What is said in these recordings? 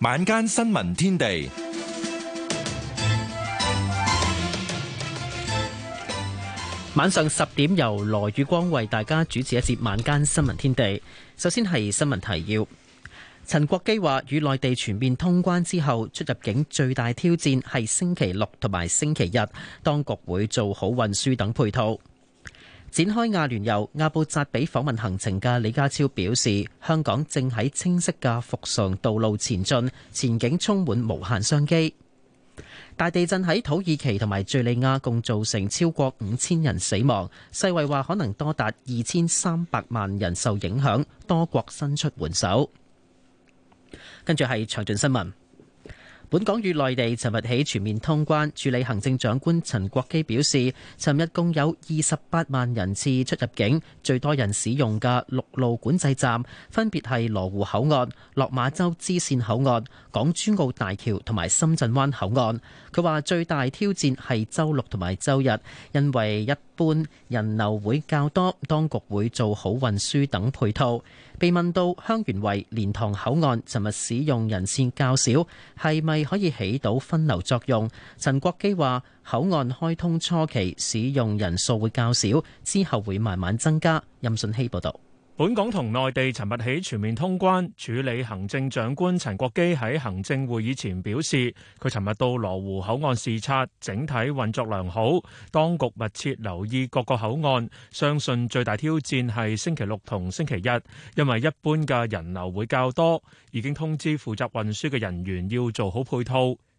晚間新聞天地，晚上十點由羅宇光為大家主持一節晚間新聞天地。首先係新聞提要，陳國基話，與內地全面通關之後，出入境最大挑戰係星期六同埋星期日，當局會做好運輸等配套。展開亞聯游、亞布扎比訪問行程嘅李家超表示，香港正喺清晰嘅復常道路前進，前景充滿無限商機。大地震喺土耳其同埋敘利亞共造成超過五千人死亡，世衛話可能多達二千三百萬人受影響，多國伸出援手。跟住係詳盡新聞。本港與內地尋日起全面通關，署理行政長官陳國基表示，尋日共有二十八萬人次出入境，最多人使用嘅陸路管制站分別係羅湖口岸、落馬洲支線口岸、港珠澳大橋同埋深圳灣口岸。佢話最大挑戰係周六同埋周日，因為一半人流會較多，當局會做好運輸等配套。被問到香園圍蓮塘口岸尋日使用人次較少，係咪可以起到分流作用？陳國基話口岸開通初期使用人數會較少，之後會慢慢增加。任信希報道。本港同內地尋日起全面通關，署理行政長官陳國基喺行政會議前表示，佢尋日到羅湖口岸視察，整體運作良好，當局密切留意各個口岸，相信最大挑戰係星期六同星期日，因為一般嘅人流會較多，已經通知負責運輸嘅人員要做好配套。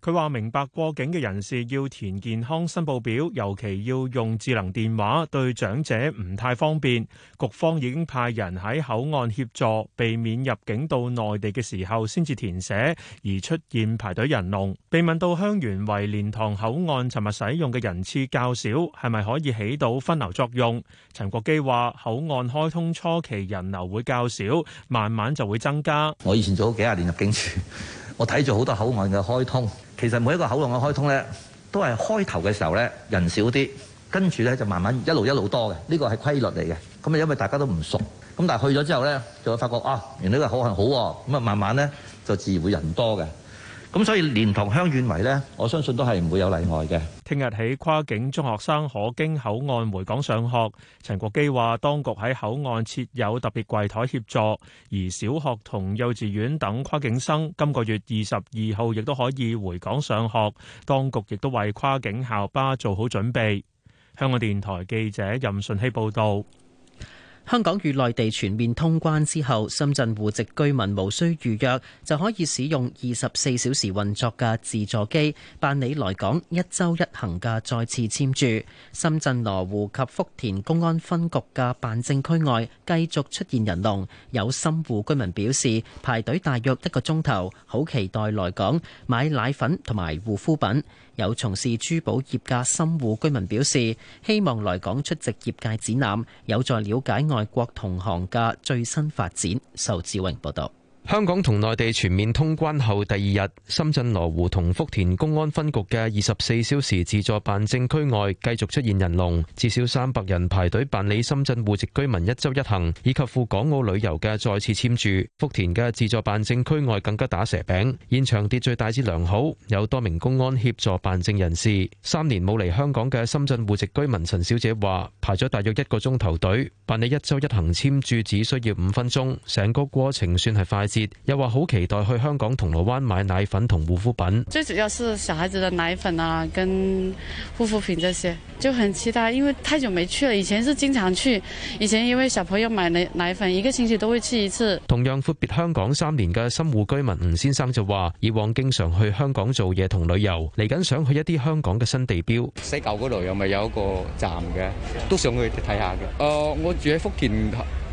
佢話明白過境嘅人士要填健康申報表，尤其要用智能電話，對長者唔太方便。局方已經派人喺口岸協助，避免入境到內地嘅時候先至填寫，而出現排隊人龍。被問到香園圍蓮塘口岸尋日使用嘅人次較少，係咪可以起到分流作用？陳國基話：口岸開通初期人流會較少，慢慢就會增加。我以前做幾十年入境處，我睇咗好多口岸嘅開通。其實每一個口岸嘅開通咧，都係開頭嘅時候咧，人少啲，跟住咧就慢慢一路一路多嘅，呢個係規律嚟嘅。咁因為大家都唔熟，咁但係去咗之後咧，就會發覺啊，原來呢個口岸好喎，咁慢慢咧就自然會人多嘅。咁所以連同鄉遠為呢，我相信都係唔會有例外嘅。聽日起，跨境中學生可經口岸回港上學。陳國基話，當局喺口岸設有特別櫃枱協助，而小學同幼稚園等跨境生今個月二十二號亦都可以回港上學。當局亦都為跨境校巴做好準備。香港電台記者任順希報導。香港與內地全面通關之後，深圳戶籍居民無需預約就可以使用二十四小時運作嘅自助機辦理來港一周一行嘅再次簽注。深圳羅湖及福田公安分局嘅辦證區外繼續出現人龍，有深戶居民表示排隊大約一個鐘頭，好期待來港買奶粉同埋護膚品。有從事珠寶業界深戶居民表示，希望來港出席業界展覽，有助了解外國同行嘅最新發展。仇志榮報道。香港同內地全面通關後第二日，深圳羅湖同福田公安分局嘅二十四小時自助辦證區外繼續出現人龍，至少三百人排隊辦理深圳戶籍居民一周一行以及赴港澳旅遊嘅再次簽注。福田嘅自助辦證區外更加打蛇餅，現場秩序大致良好，有多名公安協助辦證人士。三年冇嚟香港嘅深圳戶籍居民陳小姐話：排咗大約一個鐘頭隊，辦理一周一行簽注只需要五分鐘，成個過程算係快捷。又話好期待去香港銅鑼灣買奶粉同護膚品，最主要是小孩子的奶粉啊，跟護膚品這些就很期待，因為太久沒去了，以前是經常去，以前因為小朋友買奶奶粉，一個星期都會去一次。同樣闊別香港三年嘅深戶居民吳先生就話，以往經常去香港做嘢同旅遊，嚟緊想去一啲香港嘅新地標。西九嗰度有咪有一個站嘅？都想去睇下嘅。誒、呃，我住喺福建。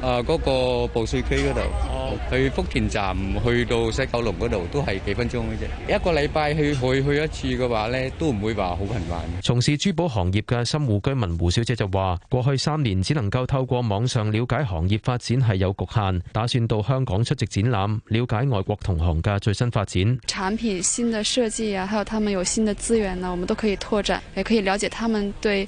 啊！嗰、呃那個保稅區嗰度，哦、去福田站去到西九龍嗰度都係幾分鐘嘅啫。一個禮拜去去去一次嘅話呢，都唔會話好頻繁。從事珠寶行業嘅深戶居民胡小姐就話：過去三年只能夠透過網上了解行業發展係有局限，打算到香港出席展覽，了解外國同行嘅最新發展。產品新嘅設計啊，還有他們有新嘅資源啊，我們都可以拓展，也可以了解他們對。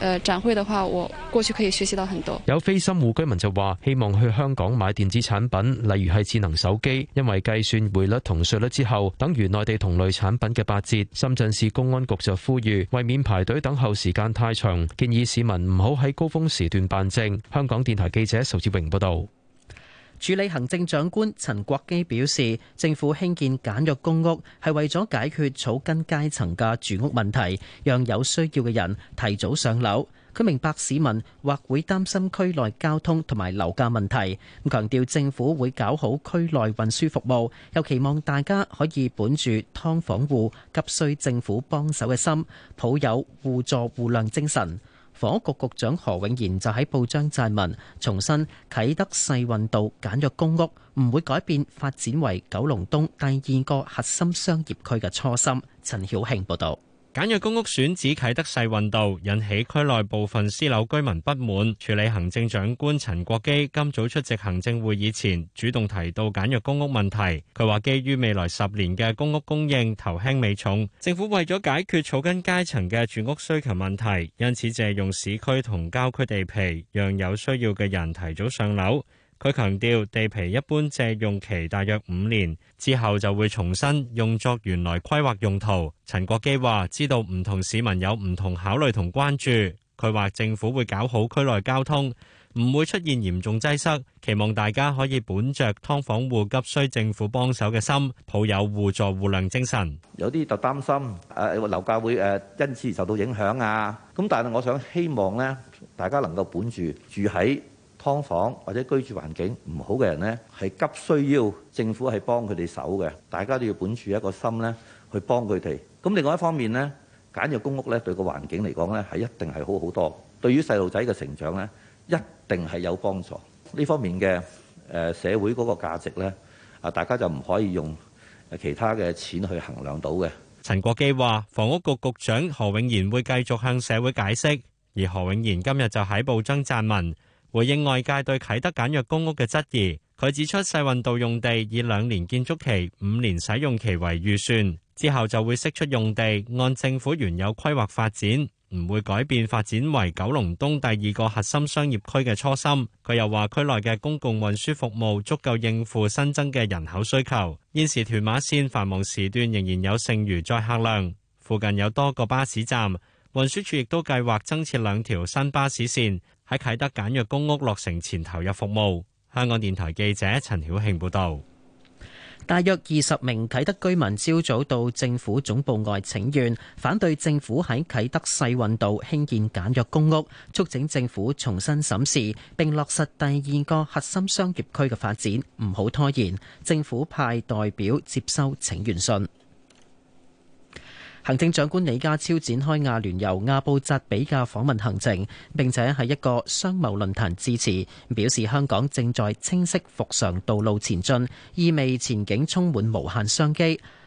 誒，展會的話，我過去可以學習到很多。有非深戶居民就話，希望去香港買電子產品，例如係智能手機，因為計算匯率同稅率之後，等於內地同類產品嘅八折。深圳市公安局就呼籲，為免排隊等候時間太長，建議市民唔好喺高峰時段辦證。香港電台記者仇志榮報道。署理行政長官陳國基表示，政府興建簡約公屋係為咗解決草根階層嘅住屋問題，讓有需要嘅人提早上樓。佢明白市民或會擔心區內交通同埋樓價問題，咁強調政府會搞好區內運輸服務，又期望大家可以本住劏房戶急需政府幫手嘅心，抱有互助互諒精神。房屋局局長何永賢就喺報章撰文重申，啟德世運道簡約公屋唔會改變發展為九龍東第二個核心商業區嘅初心。陳曉慶報道。簡約公屋選址啟德世運道，引起區內部分私樓居民不滿。署理行政長官陳國基今早出席行政會議前，主動提到簡約公屋問題。佢話：基於未來十年嘅公屋供應頭輕尾重，政府為咗解決草根階層嘅住屋需求問題，因此借用市區同郊區地皮，讓有需要嘅人提早上樓。佢強調，地皮一般借用期大約五年，之後就會重新用作原來規劃用途。陳國基話：知道唔同市民有唔同考慮同關注。佢話政府會搞好區內交通，唔會出現嚴重擠塞。期望大家可以本着㓥房戶急需政府幫手嘅心，抱有互助互諒精神。有啲就擔心誒，樓價會誒因此受到影響啊。咁但係我想希望呢，大家能夠本住住喺㓥房或者居住環境唔好嘅人呢，係急需要政府係幫佢哋手嘅。大家都要本住一個心呢，去幫佢哋。咁另外一方面呢，簡約公屋呢，對個環境嚟講呢，係一定係好好多。對於細路仔嘅成長呢，一定係有幫助。呢方面嘅誒、呃、社會嗰個價值呢，啊，大家就唔可以用其他嘅錢去衡量到嘅。陳國基話房屋局,局局長何永賢會繼續向社會解釋，而何永賢今日就喺報章撰文。回應外界對啟德簡約公屋嘅質疑，佢指出世運道用地以兩年建築期、五年使用期為預算，之後就會釋出用地，按政府原有規劃發展，唔會改變發展為九龍東第二個核心商業區嘅初心。佢又話區內嘅公共運輸服務足夠應付新增嘅人口需求，現時屯馬綫繁忙時段仍然有剩餘載客量，附近有多個巴士站，運輸署亦都計劃增設兩條新巴士綫。喺啟德簡約公屋落成前投入服務。香港電台記者陳曉慶報道，大約二十名啟德居民朝早到政府總部外請願，反對政府喺啟德世運道興建簡約公屋，促請政府重新審視，並落實第二個核心商業區嘅發展，唔好拖延。政府派代表接收請願信。行政長官李家超展開阿聯酋阿布扎比嘅訪問行程，並且喺一個商貿論壇致辭，表示香港正在清晰復常道路前進，意味前景充滿無限商機。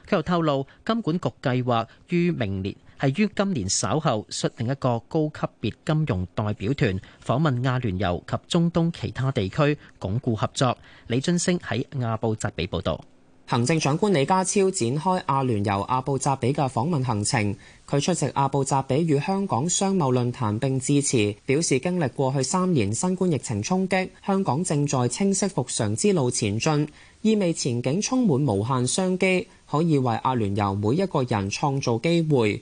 佢又透露，金管局計劃於明年係於今年稍後率定一個高級別金融代表團訪問阿聯酋及中東其他地區，鞏固合作。李俊升喺阿布扎比報道。行政長官李家超展開阿聯酋阿布扎比嘅訪問行程，佢出席阿布扎比與香港商貿論壇並致辭，表示經歷過去三年新冠疫情衝擊，香港正在清晰復常之路前進，意味前景充滿無限商機，可以為阿聯酋每一個人創造機會。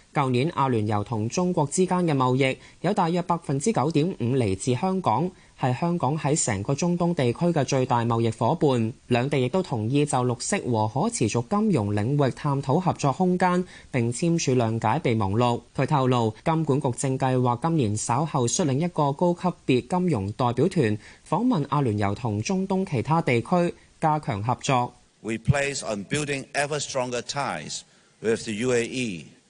舊年阿聯酋同中國之間嘅貿易有大約百分之九點五嚟自香港，係香港喺成個中東地區嘅最大貿易夥伴。兩地亦都同意就綠色和可持續金融領域探討合作空間，並簽署諒解備忘錄。佢透露，金管局正計劃今年稍後率領一個高級別金融代表團訪問阿聯酋同中東其他地區，加強合作。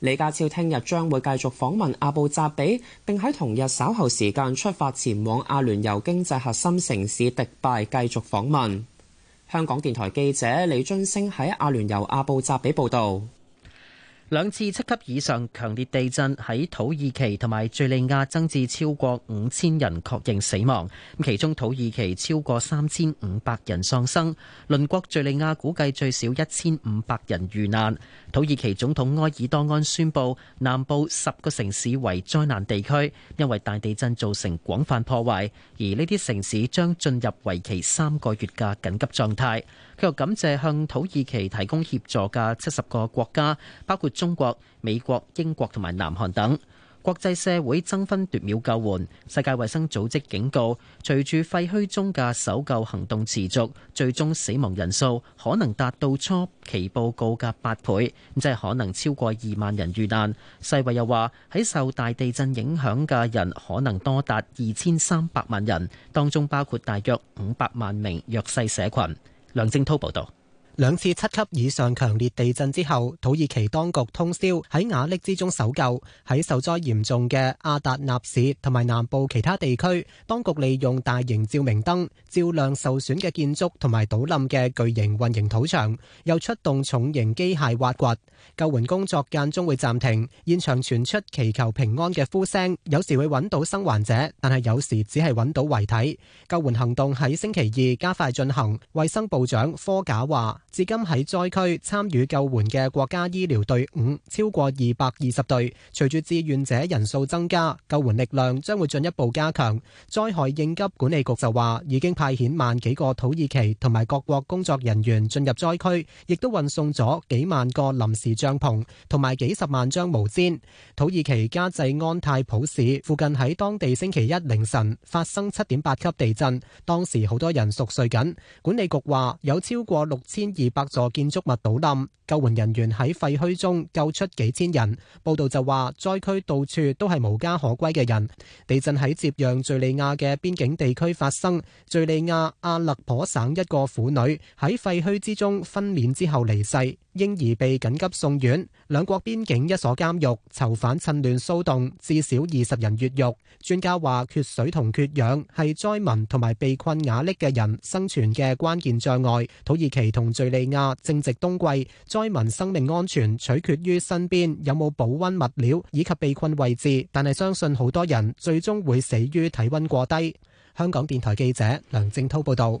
李家超聽日將會繼續訪問阿布扎比，並喺同日稍後時間出發前往阿聯酋經濟核心城市迪拜繼續訪問。香港電台記者李津星喺阿聯酋阿布扎比報道。兩次七級以上強烈地震喺土耳其同埋敘利亞增至超過五千人確認死亡，其中土耳其超過三千五百人喪生，鄰國敘利亞估計最少一千五百人遇難。土耳其總統埃爾多安宣布南部十個城市為災難地區，因為大地震造成廣泛破壞，而呢啲城市將進入為期三個月嘅緊急狀態。佢又感謝向土耳其提供協助嘅七十個國家，包括中國、美國、英國同埋南韓等。國際社會爭分奪秒救援，世界衛生組織警告，隨住廢墟中嘅搜救行動持續，最終死亡人數可能達到初期報告嘅八倍，即係可能超過二萬人遇難。世衛又話，喺受大地震影響嘅人可能多達二千三百萬人，當中包括大約五百萬名弱勢社群。梁正濤報道。兩次七級以上強烈地震之後，土耳其當局通宵喺瓦礫之中搜救。喺受災嚴重嘅阿達納市同埋南部其他地區，當局利用大型照明燈照亮受損嘅建築同埋倒冧嘅巨型混凝土牆，又出動重型機械挖掘。救援工作間中會暫停，現場傳出祈求平安嘅呼聲，有時會揾到生還者，但係有時只係揾到遺體。救援行動喺星期二加快進行。衛生部長科賈話。至今喺災區參與救援嘅國家醫療隊伍超過二百二十隊，隨住志願者人數增加，救援力量將會進一步加強。災害應急管理局就話，已經派遣萬幾個土耳其同埋各國工作人員進入災區，亦都運送咗幾萬個臨時帳篷同埋幾十萬張毛氈。土耳其加濟安泰普市附近喺當地星期一凌晨發生七點八級地震，當時好多人熟睡緊。管理局話有超過六千二。百座建築物倒冧，救援人員喺廢墟中救出幾千人。報道就話，災區到處都係無家可歸嘅人。地震喺接壤敘利亞嘅邊境地區發生，敘利亞阿勒頗省一個婦女喺廢墟之中分娩之後離世，嬰兒被緊急送院。兩國邊境一所監獄囚犯趁亂騷動，至少二十人越獄。專家話，缺水同缺氧係災民同埋被困瓦礫嘅人生存嘅關鍵障礙。土耳其同敘利亞正值冬季，災民生命安全取決於身邊有冇保溫物料以及被困位置，但係相信好多人最終會死於體溫過低。香港電台記者梁正濤報道。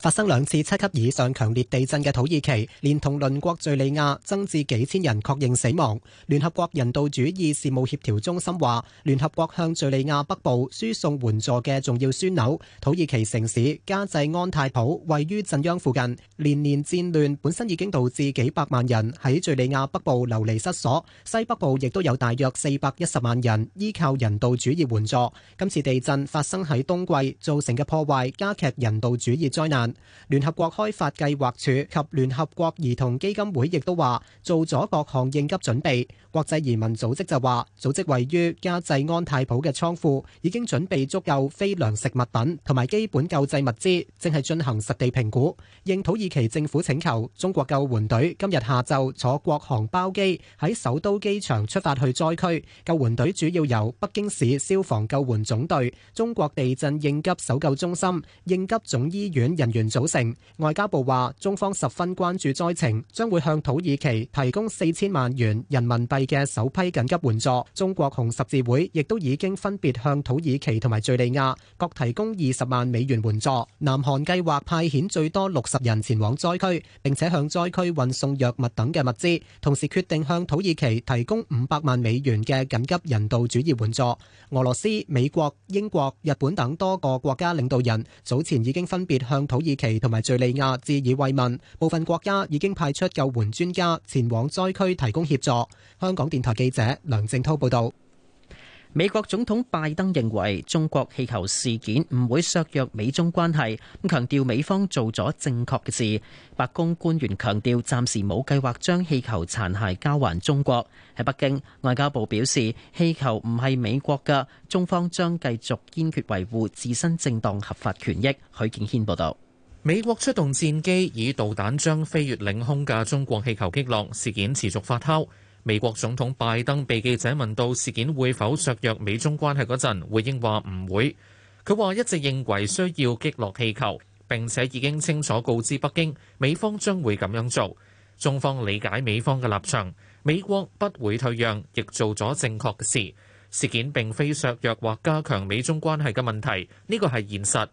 發生兩次七級以上強烈地震嘅土耳其，連同鄰國敘利亞增至幾千人確認死亡。聯合國人道主義事務協調中心話，聯合國向敘利亞北部輸送援助嘅重要樞紐土耳其城市加濟安泰普位於震央附近。連年戰亂本身已經導致幾百萬人喺敘利亞北部流離失所，西北部亦都有大約四百一十萬人依靠人道主義援助。今次地震發生喺冬季，造成嘅破壞加劇人道主義災難。聯合國開發計劃署及聯合國兒童基金會亦都話做咗各項應急準備。國際移民組織就話，組織位於加濟安泰普嘅倉庫已經準備足夠非糧食物品同埋基本救濟物資，正係進行實地評估。應土耳其政府請求，中國救援隊今日下晝坐國航包機喺首都機場出發去災區。救援隊主要由北京市消防救援總隊、中國地震應急搜救中心、應急總醫院人員組成。外交部話，中方十分關注災情，將會向土耳其提供四千萬元人民幣嘅首批緊急援助。中國紅十字會亦都已經分別向土耳其同埋敘利亞各提供二十萬美元援助。南韓計劃派遣最多六十人前往災區，並且向災區運送藥物等嘅物資，同時決定向土耳其提供五百萬美元嘅緊急人道主義援助。俄羅斯、美國、英國、日本等多個國家領導人早前已經分別向土耳其。土耳其同埋敘利亞致以慰問，部分國家已經派出救援專家前往災區提供協助。香港電台記者梁正濤報道。美國總統拜登認為中國氣球事件唔會削弱美中關係，咁強調美方做咗正確嘅事。白宮官員強調，暫時冇計劃將氣球殘骸交還中國。喺北京，外交部表示氣球唔係美國嘅，中方將繼續堅決維護自身正當合法權益。許敬軒報道。美國出動戰機以導彈將飛越領空嘅中國氣球擊落，事件持續發酵。美國總統拜登被記者問到事件會否削弱美中關係嗰陣，回應話唔會。佢話一直認為需要擊落氣球，並且已經清楚告知北京，美方將會咁樣做。中方理解美方嘅立場，美國不會退讓，亦做咗正確嘅事。事件並非削弱或加強美中關係嘅問題，呢個係現實。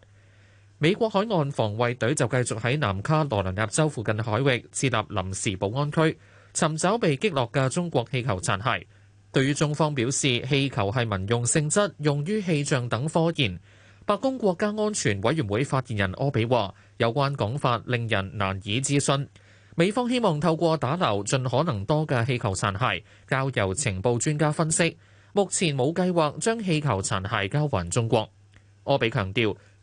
美國海岸防衛隊就繼續喺南卡羅來納州附近海域設立臨時保安區，尋找被擊落嘅中國氣球殘骸。對於中方表示氣球係民用性質，用於氣象等科研。白宮國家安全委員會發言人柯比話：有關講法令人難以置信。美方希望透過打撈盡可能多嘅氣球殘骸交由情報專家分析。目前冇計劃將氣球殘骸交還中國。柯比強調。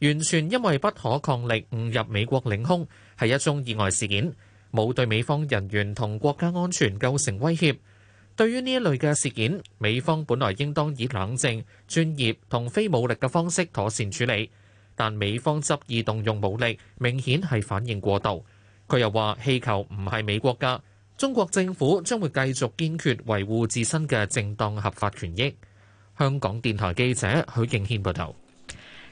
完全因為不可抗力誤入美國領空，係一宗意外事件，冇對美方人員同國家安全構成威脅。對於呢一類嘅事件，美方本來應當以冷靜、專業同非武力嘅方式妥善處理，但美方執意動用武力，明顯係反應過度。佢又話：氣球唔係美國㗎，中國政府將會繼續堅決維護自身嘅正當合法權益。香港電台記者許敬軒報道。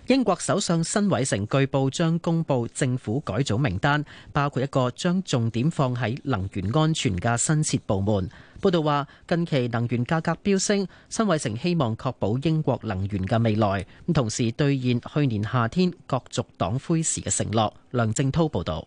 英國首相辛偉誠據報將公布政府改組名單，包括一個將重點放喺能源安全嘅新設部門。報道話，近期能源價格飆升，辛偉誠希望確保英國能源嘅未來，同時兌現去年夏天角逐黨魁時嘅承諾。梁正濤報道。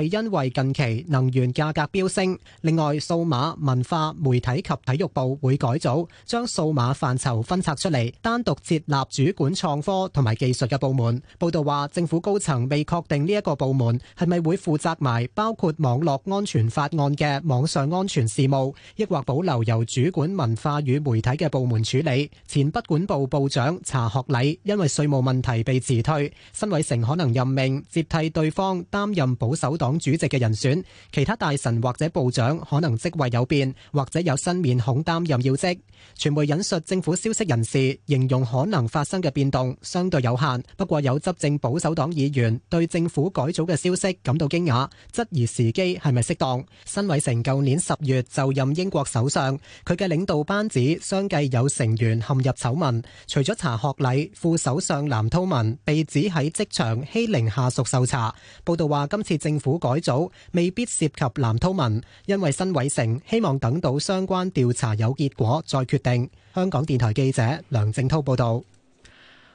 係因為近期能源價格飆升，另外數碼文化媒體及體育部會改組，將數碼範疇分拆出嚟，單獨設立主管創科同埋技術嘅部門。報道話，政府高層未確定呢一個部門係咪會負責埋包括網絡安全法案嘅網上安全事務，抑或保留由主管文化與媒體嘅部門處理。前不管部部部長查學禮因為稅務問題被辭退，辛偉誠可能任命接替對方擔任保守黨黨主席嘅人選，其他大臣或者部長可能職位有變，或者有新面孔擔任要職。傳媒引述政府消息人士，形容可能發生嘅變動相對有限。不過有執政保守黨議員對政府改組嘅消息感到驚訝，質疑時機係咪適當。辛偉誠舊年十月就任英國首相，佢嘅領導班子相繼有成員陷入醜聞，除咗查學禮、副首相藍韜文被指喺職場欺凌下屬受查，報道話今次政府。改組未必涉及藍韜文，因為辛偉誠希望等到相關調查有結果再決定。香港電台記者梁正濤報道。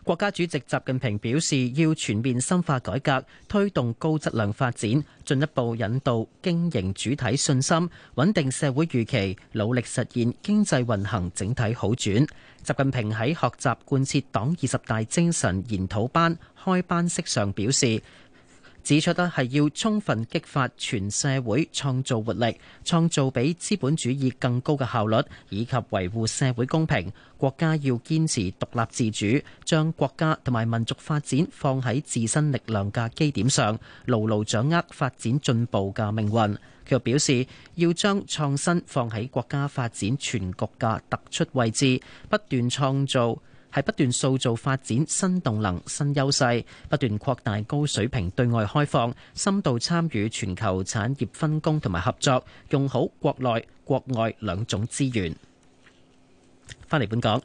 國家主席習近平表示，要全面深化改革，推動高質量發展，進一步引導經營主體信心，穩定社會預期，努力實現經濟運行整體好轉。習近平喺學習貫徹黨二十大精神研討班開班式上表示。指出呢，係要充分激發全社會創造活力，創造比資本主義更高嘅效率，以及維護社會公平。國家要堅持獨立自主，將國家同埋民族發展放喺自身力量嘅基點上，牢牢掌握發展進步嘅命運。佢又表示，要將創新放喺國家發展全局嘅突出位置，不斷創造。係不斷塑造發展新動能、新優勢，不斷擴大高水平對外開放，深度參與全球產業分工同埋合作，用好國內國外兩種資源。返嚟本港，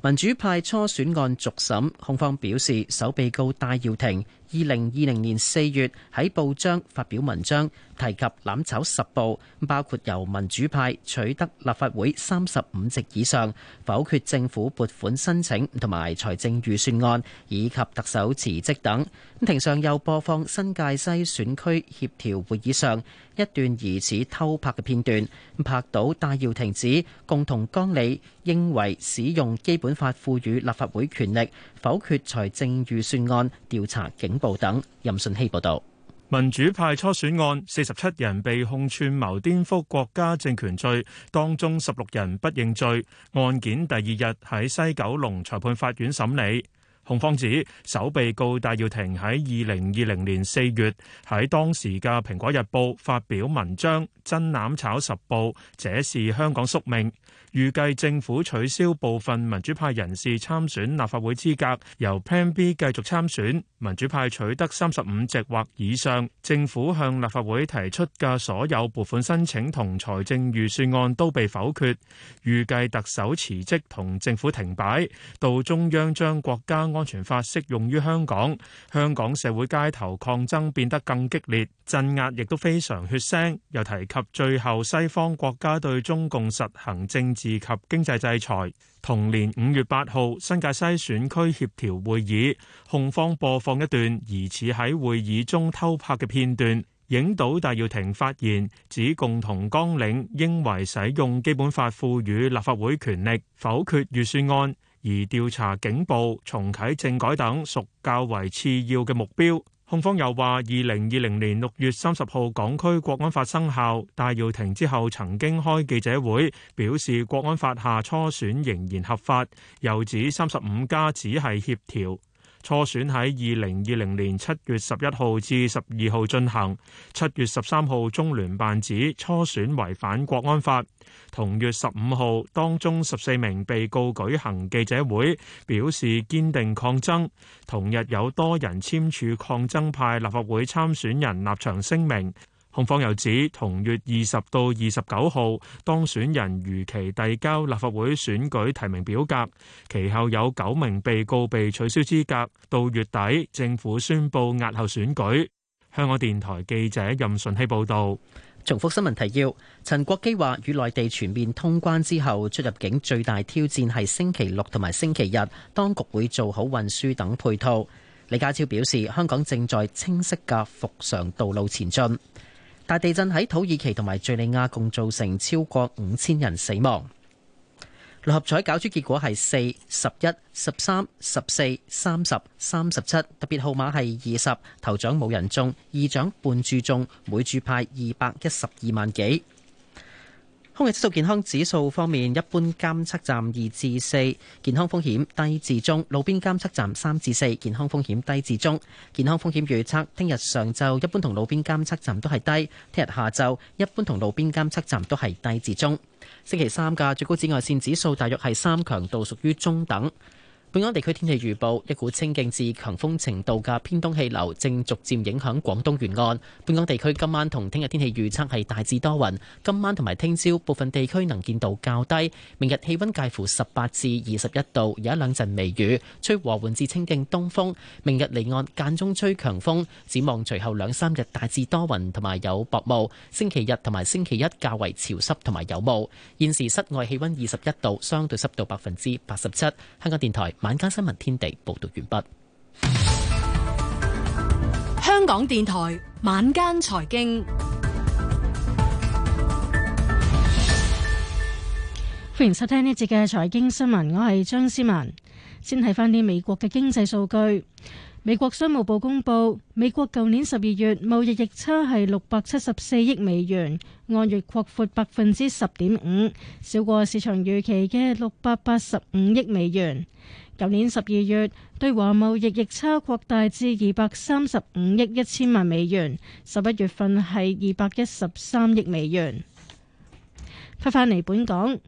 民主派初選案續審，控方表示首被告戴耀廷。二零二零年四月喺報章發表文章，提及攬炒十步，包括由民主派取得立法會三十五席以上否決政府撥款申請同埋財政預算案，以及特首辭職等。咁庭上又播放新界西選區協調會議上一段疑似偷拍嘅片段，拍到戴耀廷指共同綱領認為使用基本法賦予立法會權力否決財政預算案調查警。報等任信希報道，民主派初選案四十七人被控串謀顛覆國家政權罪，當中十六人不認罪。案件第二日喺西九龍裁判法院審理，控方指首被告戴耀廷喺二零二零年四月喺當時嘅《蘋果日報》發表文章，真攬炒十報，這是香港宿命。預計政府取消部分民主派人士參選立法會資格，由 Plan B 繼續參選。民主派取得三十五席或以上，政府向立法會提出嘅所有撥款申請同財政預算案都被否決。預計特首辭職同政府停擺，到中央將國家安全法適用於香港，香港社會街頭抗爭變得更激烈，鎮壓亦都非常血腥。又提及最後西方國家對中共實行政治。涉及經濟制裁。同年五月八號，新界西選區協調會議，控方播放一段疑似喺會議中偷拍嘅片段，影到戴耀廷發言，指共同綱領應為使用基本法賦予立法會權力否決預算案，而調查警暴、重啟政改等，屬較為次要嘅目標。控方又話：二零二零年六月三十號，港區國安法生效，戴耀廷之後曾經開記者會，表示國安法下初選仍然合法，又指三十五加只係協調。初選喺二零二零年七月十一號至十二號進行。七月十三號，中聯辦指初選違反國安法。同月十五號，當中十四名被告舉行記者會，表示堅定抗爭。同日有多人簽署抗爭派立法會參選人立場聲明。控方又指，同月二十到二十九號，當選人如期遞交立法會選舉提名表格，其後有九名被告被取消資格。到月底，政府宣布押後選舉。香港電台記者任順希報導。重複新聞提要：陳國基話，與內地全面通關之後，出入境最大挑戰係星期六同埋星期日，當局會做好運輸等配套。李家超表示，香港正在清晰嘅復常道路前進。大地震喺土耳其同埋敘利亞共造成超過五千人死亡。六合彩攪珠結果係四、十一、十三、十四、三十、三十七，特別號碼係二十。頭獎冇人中，二獎半注中，每注派二百一十二萬幾。空氣質素健康指數方面，一般監測站二至四，健康風險低至中；路邊監測站三至四，健康風險低至中。健康風險預測：聽日上晝一般同路邊監測站都係低；聽日下晝一般同路邊監測站都係低至中。星期三嘅最高紫外線指數大約係三，強度屬於中等。本港地區天氣預報：一股清勁至強風程度嘅偏東氣流正逐漸影響廣東沿岸。本港地區今晚同聽日天氣預測係大致多雲。今晚同埋聽朝部分地區能見度較低。明日氣溫介乎十八至二十一度，有一兩陣微雨，吹和緩至清勁東風。明日離岸間中吹強風。展望隨後兩三日大致多雲同埋有薄霧。星期日同埋星期一較為潮濕同埋有霧。現時室外氣溫二十一度，相對濕度百分之八十七。香港電台。晚間新聞天地報道完畢。香港電台晚間財經，歡迎收聽呢節嘅財經新聞，我係張思文。先睇翻啲美國嘅經濟數據。美國商務部公布，美國舊年十二月貿易逆差係六百七十四億美元，按月擴闊百分之十點五，少過市場預期嘅六百八十五億美元。舊年十二月，對華貿易逆差擴大至二百三十五億一千萬美元，十一月份係二百一十三億美元。翻返嚟本港，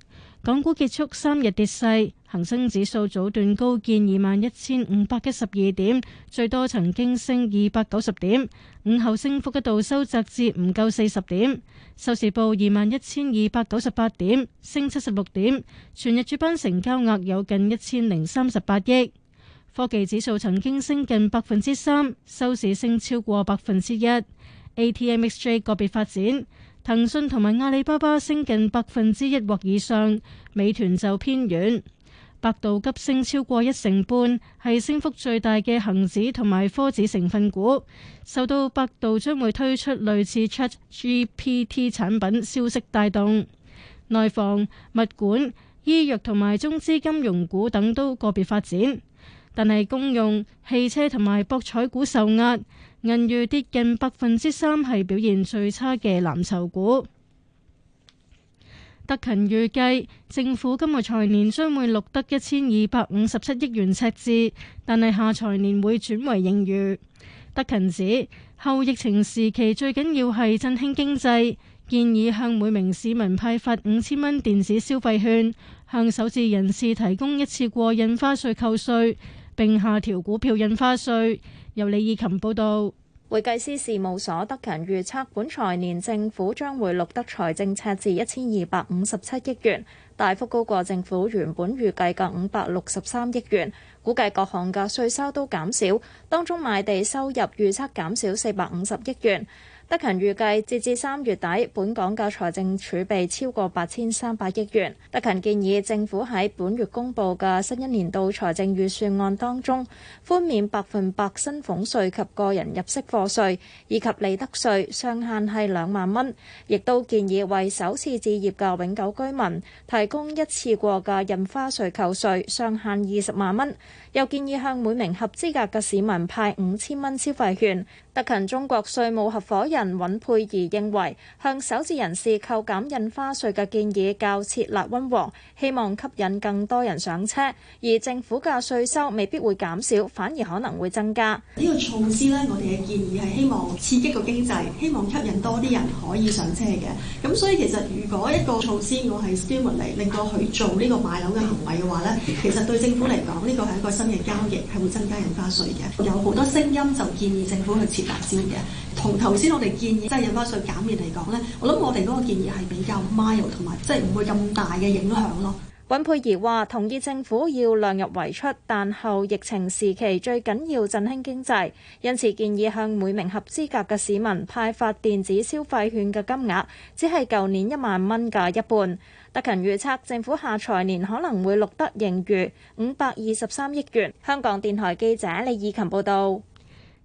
港股結束三日跌勢。恒生指數早段高見二萬一千五百一十二點，最多曾經升二百九十點。午後升幅一度收窄至唔夠四十點，收市報二萬一千二百九十八點，升七十六點。全日主板成交額有近一千零三十八億。科技指數曾經升近百分之三，收市升超過百分之一。A T M X J 個別發展，騰訊同埋阿里巴巴升近百分之一或以上，美團就偏軟。百度急升超過一成半，係升幅最大嘅恒指同埋科指成分股，受到百度將會推出類似 ChatGPT 產品消息帶動。內房、物管、醫藥同埋中資金融股等都個別發展，但係公用、汽車同埋博彩股受壓，銀娛跌近百分之三，係表現最差嘅藍籌股。德勤預計政府今個財年將會錄得一千二百五十七億元赤字，但係下財年會轉為盈餘。德勤指後疫情時期最緊要係振興經濟，建議向每名市民派發五千蚊電子消費券，向首置人士提供一次過印花稅扣稅，並下調股票印花稅。由李義琴報道。會計師事務所德勤預測，本財年政府將會錄得財政赤字一千二百五十七億元，大幅高過政府原本預計嘅五百六十三億元。估計各項嘅稅收都減少，當中賣地收入預測減少四百五十億元。德勤預計，截至三月底，本港嘅財政儲備超過八千三百億元。德勤建議政府喺本月公布嘅新一年度財政預算案當中，寬免百分百薪俸稅及個人入息課稅，以及利得稅上限係兩萬蚊。亦都建議為首次置業嘅永久居民提供一次過嘅印花稅扣稅上限二十萬蚊，又建議向每名合資格嘅市民派五千蚊消費券。特勤中國稅務合伙人尹佩儀認為，向首次人士扣減印花稅嘅建議較設立溫和，希望吸引更多人上車，而政府嘅稅收未必會減少，反而可能會增加。呢個措施呢，我哋嘅建議係希望刺激個經濟，希望吸引多啲人可以上車嘅。咁所以其實如果一個措施我係 stimulate 嚟令到佢做呢個買樓嘅行為嘅話，呢其實對政府嚟講呢個係一個新嘅交易，係會增加印花稅嘅。有好多聲音就建議政府去大招嘅同頭先，我哋建議即係印花稅減免嚟講呢。我諗我哋嗰個建議係比較 minor 同埋即係唔會咁大嘅影響咯。尹佩儀話同意政府要量入為出，但後疫情時期最緊要振興經濟，因此建議向每名合資格嘅市民派發電子消費券嘅金額，只係舊年一萬蚊嘅一半。德勤預測政府下財年可能會錄得盈餘五百二十三億元。香港電台記者李以勤報道。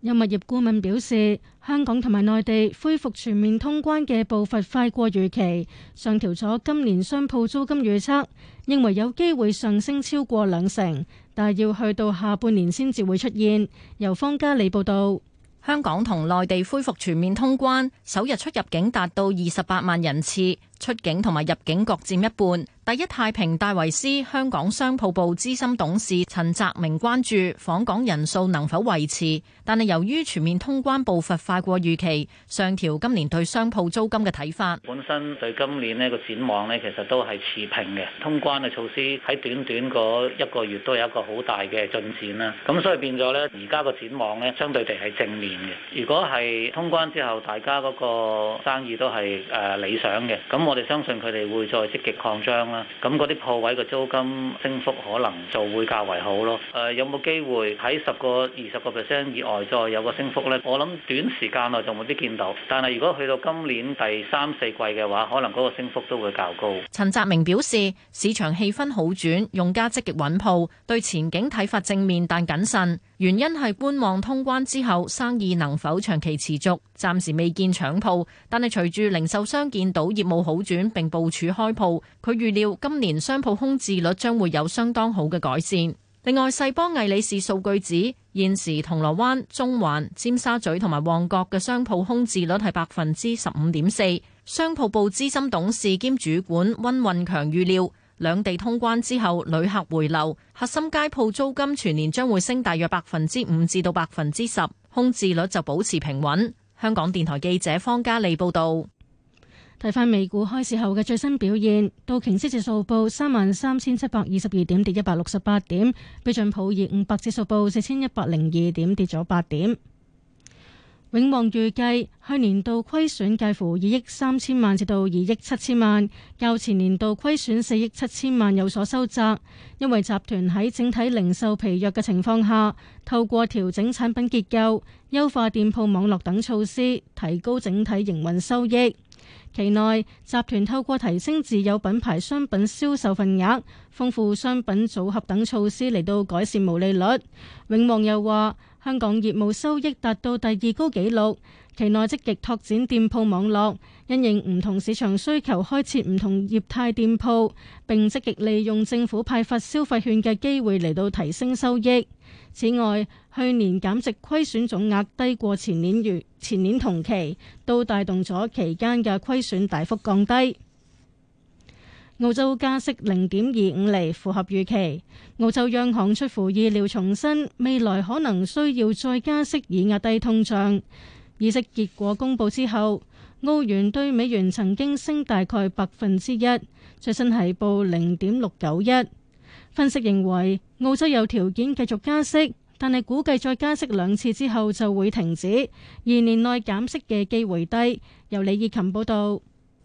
有物業顧問表示，香港同埋內地恢復全面通關嘅步伐快過預期，上調咗今年商鋪租金預測，認為有機會上升超過兩成，但係要去到下半年先至會出現。由方嘉利報道。香港同內地恢復全面通關，首日出入境達到二十八萬人次，出境同埋入境各佔一半。第一太平戴維斯香港商鋪部資深董事陳澤明關注訪港人數能否維持，但係由於全面通關步伐快過預期，上調今年對商鋪租金嘅睇法。本身對今年呢個展望咧，其實都係持平嘅。通關嘅措施喺短短嗰一個月都有一個好大嘅進展啦，咁所以變咗咧，而家個展望咧，相對地係正面嘅。如果係通關之後大家嗰個生意都係誒理想嘅，咁我哋相信佢哋會再積極擴張啦。咁嗰啲鋪位嘅租金升幅可能就會較為好咯。誒有冇機會喺十個二十個 percent 以外再有個升幅咧？我諗短時間內就冇啲見到，但係如果去到今年第三四季嘅話，可能嗰個升幅都會較高。陳澤明表示，市場氣氛好轉，用家積極揾鋪，對前景睇法正面，但謹慎。原因係觀望通關之後生意能否長期持續，暫時未見搶鋪。但係隨住零售商見到業務好轉並部署開鋪，佢預料今年商鋪空置率將會有相當好嘅改善。另外，世邦魏理仕數據指現時銅鑼灣、中環、尖沙咀同埋旺角嘅商鋪空置率係百分之十五點四。商鋪部資深董事兼主管溫運強預料。兩地通關之後，旅客回流，核心街鋪租金全年將會升大約百分之五至到百分之十，空置率就保持平穩。香港電台記者方嘉莉報導。睇返美股開市後嘅最新表現，道瓊斯指數報三萬三千七百二十二點，跌一百六十八點；標準普爾五百指數報四千一百零二點，跌咗八點。永旺預計去年度虧損介乎二億三千萬至到二億七千萬，較前年度虧損四億七千萬有所收窄，因為集團喺整體零售疲弱嘅情況下，透過調整產品結構、優化店鋪網絡等措施，提高整體營運收益。期內集團透過提升自有品牌商品銷售份額、豐富商品組合等措施嚟到改善毛利率。永旺又話，香港業務收益達到第二高紀錄，期內積極拓展店鋪網絡，因應唔同市場需求開設唔同業態店鋪，並積極利用政府派發消費券嘅機會嚟到提升收益。此外，去年減值虧損總額低過前年月前年同期，都帶動咗期間嘅虧損大幅降低。澳洲加息零點二五厘符合預期，澳洲央行出乎意料重申未來可能需要再加息，以壓低通脹。議息結果公布之後，澳元對美元曾經升大概百分之一，最新係報零點六九一。分析認為澳洲有條件繼續加息，但係估計再加息兩次之後就會停止，而年內減息嘅機會低。由李以琴報道。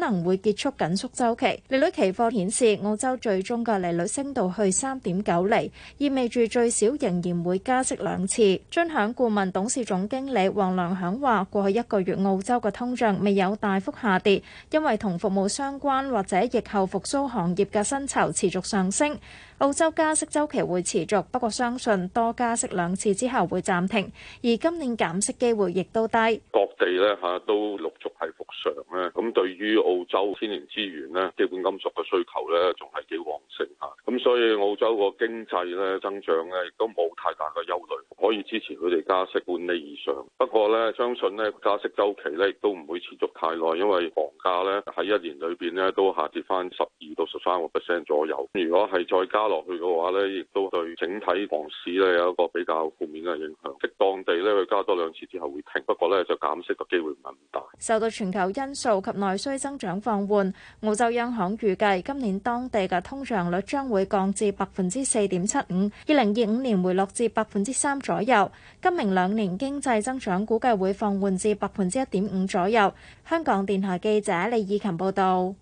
可能會結束緊縮周期，利率期貨顯示澳洲最終嘅利率升到去三點九厘，意味住最少仍然會加息兩次。尊享顧問董事總經理黃良響話，過去一個月澳洲嘅通脹未有大幅下跌，因為同服務相關或者疫後復蘇行業嘅薪酬持續上升。澳洲加息周期會持續，不過相信多加息兩次之後會暫停。而今年減息機會亦都低。各地咧嚇都陸續係復常咧，咁對於澳洲天然資源咧、基本金屬嘅需求咧，仲係幾旺盛嚇。咁所以澳洲個經濟咧增長咧亦都冇太大嘅憂慮，可以支持佢哋加息半厘以上。不過咧相信咧加息周期咧亦都唔會持續太耐，因為房價咧喺一年裏邊咧都下跌翻十二到十三個 percent 左右。如果係再加，落去嘅話，呢亦都對整體房市呢有一個比較負面嘅影響，即當地呢佢加多兩次之後會停，不過呢就減息嘅機會唔係唔大。受到全球因素及內需增長放緩，澳洲央行預計今年當地嘅通脹率將會降至百分之四點七五，二零二五年回落至百分之三左右。今明兩年經濟增長估計會放緩至百分之一點五左右。香港電台記者李以琴報道。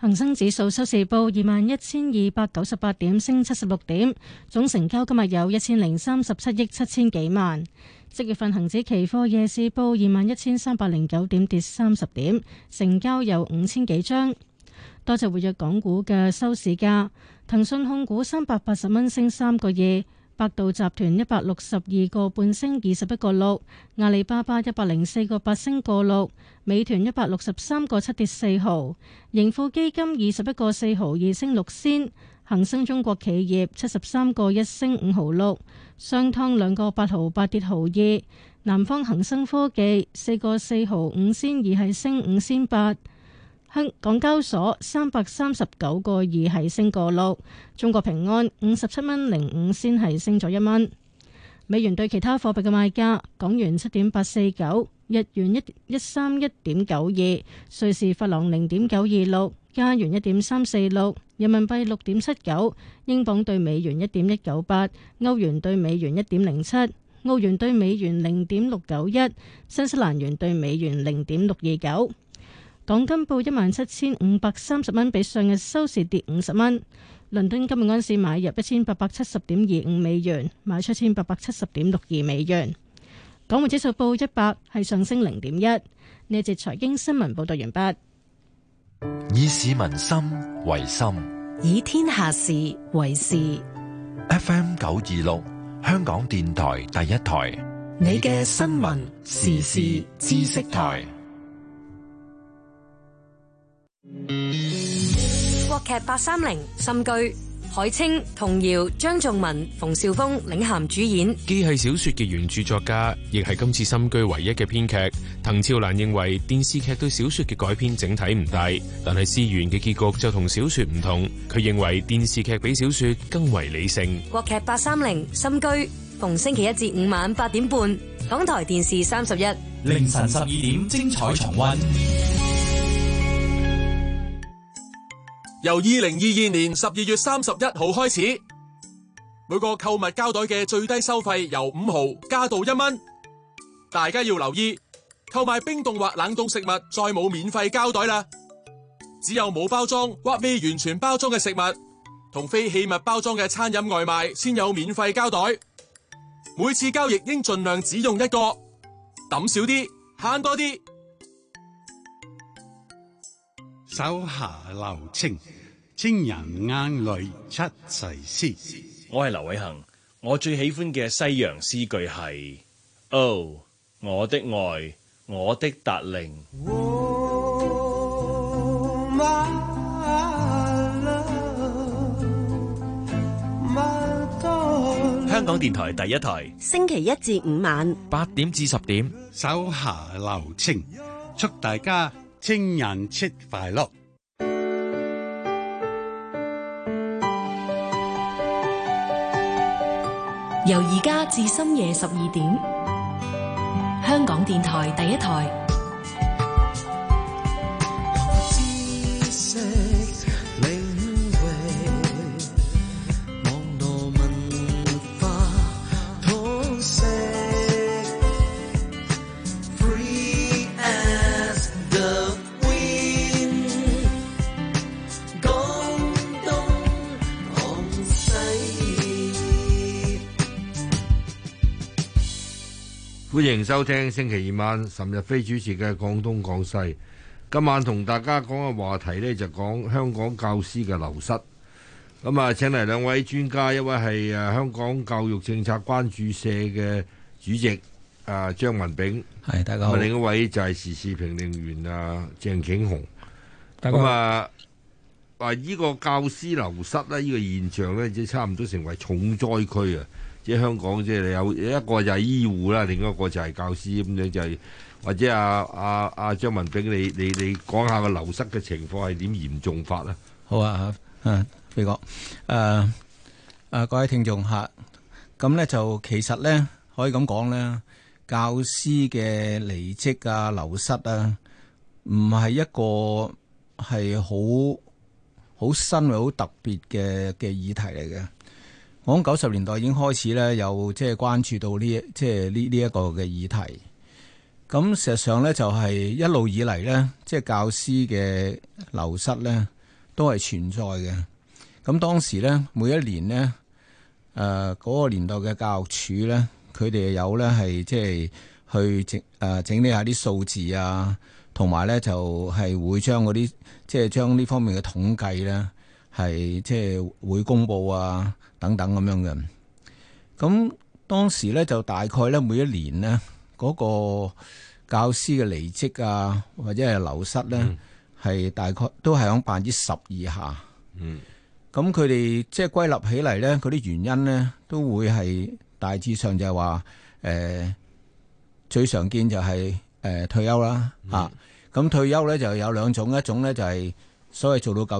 恒生指數收市報二萬一千二百九十八點，升七十六點，總成交今日有一千零三十七億七千幾萬。即月份恒指期貨夜市報二萬一千三百零九點，跌三十點，成交有五千幾張。多隻活躍港股嘅收市價，騰訊控股三百八十蚊升三個二。百度集團一百六十二個半升二十一個六，6，阿里巴巴一百零四個八升個六，6，美團一百六十三個七跌四毫，盈富基金二十一個四毫二升六仙，恒生中國企業七十三個一升五毫六，商湯兩個八毫八跌毫二，南方恒生科技四個四毫五仙而係升五仙八。港交所三百三十九個二係升個六，中國平安五十七蚊零五先係升咗一蚊。美元兌其他貨幣嘅賣價：港元七點八四九，日元一一三一點九二，瑞士法郎零點九二六，加元一點三四六，人民幣六點七九，英鎊兌美元一點一九八，歐元兌美元一點零七，澳元兌美元零點六九一，新西蘭元兌美元零點六二九。港金報一萬七千五百三十蚊，比上日收市跌五十蚊。倫敦今日安市買入一千八百七十點二五美元，賣出千八百七十點六二美元。港匯指數報一百，係上升零點一。呢節財經新聞報道完畢。以市民心為心，以天下事為事。F M 九二六，香港電台第一台，你嘅新聞時事知識台。國劇八三零，心居，海清、童瑤、張頌文、馮紹峰領銜主演。既係小說嘅原著作家，亦係今次心居唯一嘅編劇。滕肖瀾認為電視劇對小說嘅改編整體唔大，但係施源嘅結局就同小說唔同。佢認為電視劇比小說更為理性。國劇八三零，心居，逢星期一至五晚八點半，港台電視三十一，凌晨十二點精彩重溫。由2022年12月31號開始，每個購物膠袋嘅最低收費由5毫，加到1蚊。大家要留意，購買冰凍或冷凍食物再冇免費膠袋啦。只有冇包裝或未完全包裝嘅食物，同非器物包裝嘅餐飲外賣先有免費膠袋。每次交易應盡量只用一個，抌少啲，慳多啲。手下留情，千人眼淚出世詩。我係劉偉恒，我最喜歡嘅西洋詩句係：Oh，我的愛，我的達令。香港電台第一台，星期一至五晚八點至十點。手下留情，祝大家。情人節快樂！由而家至深夜十二點，香港電台第一台。歡迎收聽星期二晚岑日飛主持嘅《廣東廣西》。今晚同大家講嘅話題呢，就講香港教師嘅流失。咁啊，請嚟兩位專家，一位係誒、啊、香港教育政策關注社嘅主席啊張文炳，係，大家好。另一位就係時事評論員啊鄭景雄。咁啊，話、啊、呢、這個教師流失呢，呢、這個現象呢，就差唔多成為重災區啊。即係香港，即係有一個就係醫護啦，另一個就係教師咁樣，就係或者阿阿阿張文炳，你你你講下個流失嘅情況係點嚴重法啦？好啊，嗯，飛哥，誒誒，各位聽眾嚇，咁咧就其實咧可以咁講咧，教師嘅離職啊、流失啊，唔係一個係好好新嘅好特別嘅嘅議題嚟嘅。我九十年代已經開始咧，有即係關注到呢即係呢呢一個嘅議題。咁事實上咧，就係一路以嚟咧，即係教師嘅流失咧都係存在嘅。咁當時咧，每一年呢，誒嗰個年代嘅教育署咧，佢哋有咧係即係去整誒整理下啲數字啊，同埋咧就係會將嗰啲即係將呢方面嘅統計咧係即係會公布啊。等等咁樣嘅，咁當時咧就大概咧每一年咧，嗰個教師嘅離職啊或者係流失咧，係、嗯、大概都係響百分之十以下。嗯，咁佢哋即係歸納起嚟咧，嗰啲原因咧都會係大致上就係話誒最常見就係、是、誒、呃、退休啦嚇。咁、嗯啊、退休咧就有兩種，一種咧就係所謂做到夠。